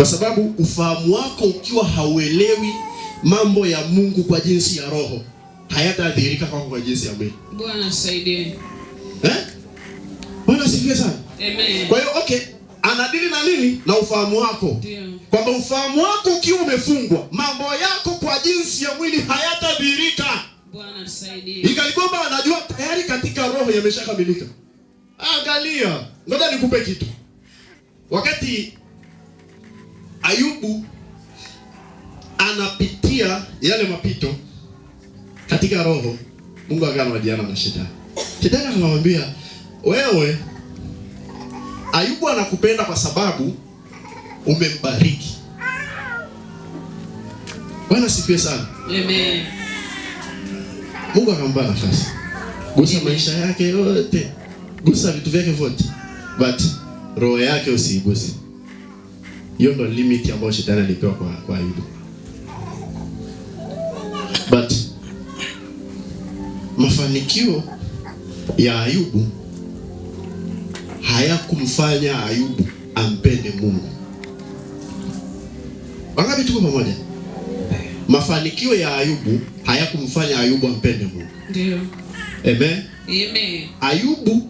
kwa sababu ufahamu wako ukiwa hauelewi mambo ya Mungu kwa jinsi ya roho hayataathirika kwako kwa jinsi ya mwili. Bwana saidie. Eh? Bwana asifiwe sana. Amen. Kwa hiyo okay, anadili na nini? Na ufahamu wako. Ndio. Kwamba ufahamu wako ukiwa umefungwa, mambo yako kwa jinsi ya mwili hayataathirika. Bwana saidie. Ikalikomba anajua tayari katika roho yameshakamilika. Angalia, ngoja nikupe kitu. Wakati Ayubu anapitia yale mapito katika roho, Mungu akawa anajiana na shetani. Shetani anamwambia wewe, Ayubu anakupenda kwa sababu umembariki. Bwana sifiwe sana. Amen. Mungu akampa nafasi. Gusa maisha yake yote, gusa vitu vyake vyote, but roho yake usiiguse. Hiyo ndo limit ambayo shetani alipewa kwa, kwa Ayubu. But mafanikio ya Ayubu hayakumfanya Ayubu ampende Mungu. Wangapi tuko pamoja? Mafanikio ya Ayubu hayakumfanya Ayubu ampende Mungu. Ndio. Amen. Amen. Ayubu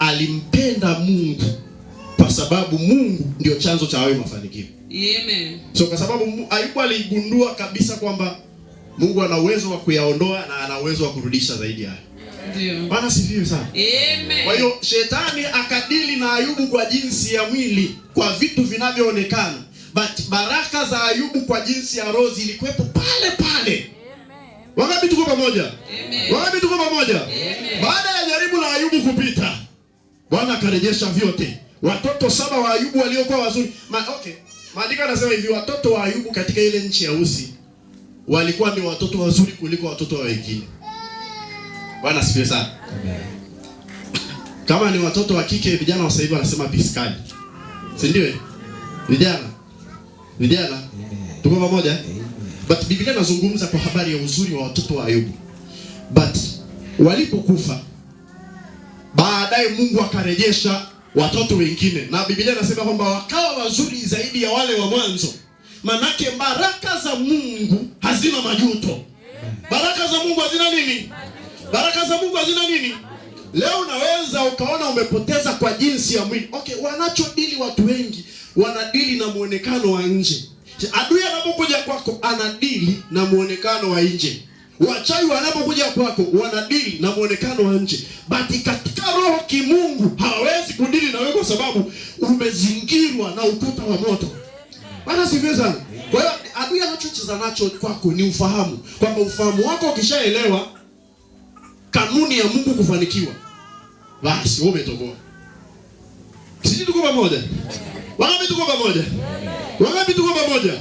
alimpenda Mungu sababu Mungu ndio chanzo cha hayo mafanikio. Amen. So kwa sababu Ayubu aligundua kabisa kwamba Mungu ana uwezo wa kuyaondoa na ana uwezo wa kurudisha zaidi hayo. Ndio. Bwana sana. Amen. Kwa hiyo shetani akadili na Ayubu kwa jinsi ya mwili, kwa vitu vinavyoonekana. But baraka za Ayubu kwa jinsi ya roho zilikuwepo pale pale. Wangapi tuko pamoja? Wangapi tuko pamoja? Baada ya jaribu la Ayubu kupita, Bwana akarejesha vyote watoto saba wa Ayubu waliokuwa wazuri Ma, okay. Maandiko yanasema hivi watoto wa Ayubu katika ile nchi ya Usi walikuwa ni watoto wazuri kuliko watoto wa wengine. Bwana asifiwe sana. Kama ni watoto wa kike, vijana wa sasa hivi wanasema biskali, si ndio? Vijana vijana, tuko pamoja. But Biblia inazungumza kwa habari ya uzuri wa watoto wa Ayubu, but walipokufa baadaye Mungu akarejesha watoto wengine, na Biblia inasema kwamba wakawa wazuri zaidi ya wale wa mwanzo. Manake baraka za Mungu hazina majuto. Baraka za Mungu hazina nini? Baraka za Mungu hazina nini? Leo unaweza ukaona umepoteza kwa jinsi ya mwili. Okay, wanachodili watu wengi wanadili na muonekano wa nje. Adui anapokuja kwako anadili na muonekano wa nje. Wachawi wanapokuja kwako wanadili na muonekano wa nje, But katika roho kimungu kwa sababu umezingirwa na ukuta wa moto. Bana sivyo sana. Kwa hiyo adui anachocheza nacho kwako ni ufahamu, kwamba ufahamu wako ukishaelewa kanuni ya Mungu kufanikiwa, basi wewe umetoboa. Sisi tuko pamoja, wangapi tuko pamoja? Wangapi tuko pamoja?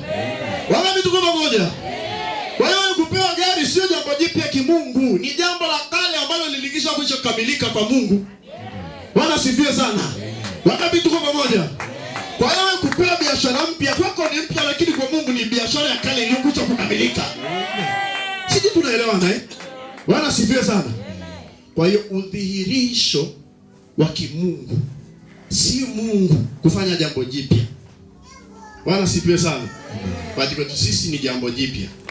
Wangapi tuko pamoja? Kwa hiyo kupewa gari sio jambo jipya kimungu, ni jambo la kale ambalo lilikisha kuisha kukamilika kwa Mungu. Bwana sifiwe sana. Amen. Wangapi tuko pamoja? Kwa hiyo wewe kupewa biashara mpya kwako ni mpya, lakini kwa Mungu ni biashara ya kale iliyokwisha kukamilika. Sisi tunaelewana eh? Bwana sifiwe sana. Kwa hiyo udhihirisho wa kimungu si Mungu kufanya jambo jipya. Bwana sifiwe sana. Kwa hiyo sisi ni jambo jipya.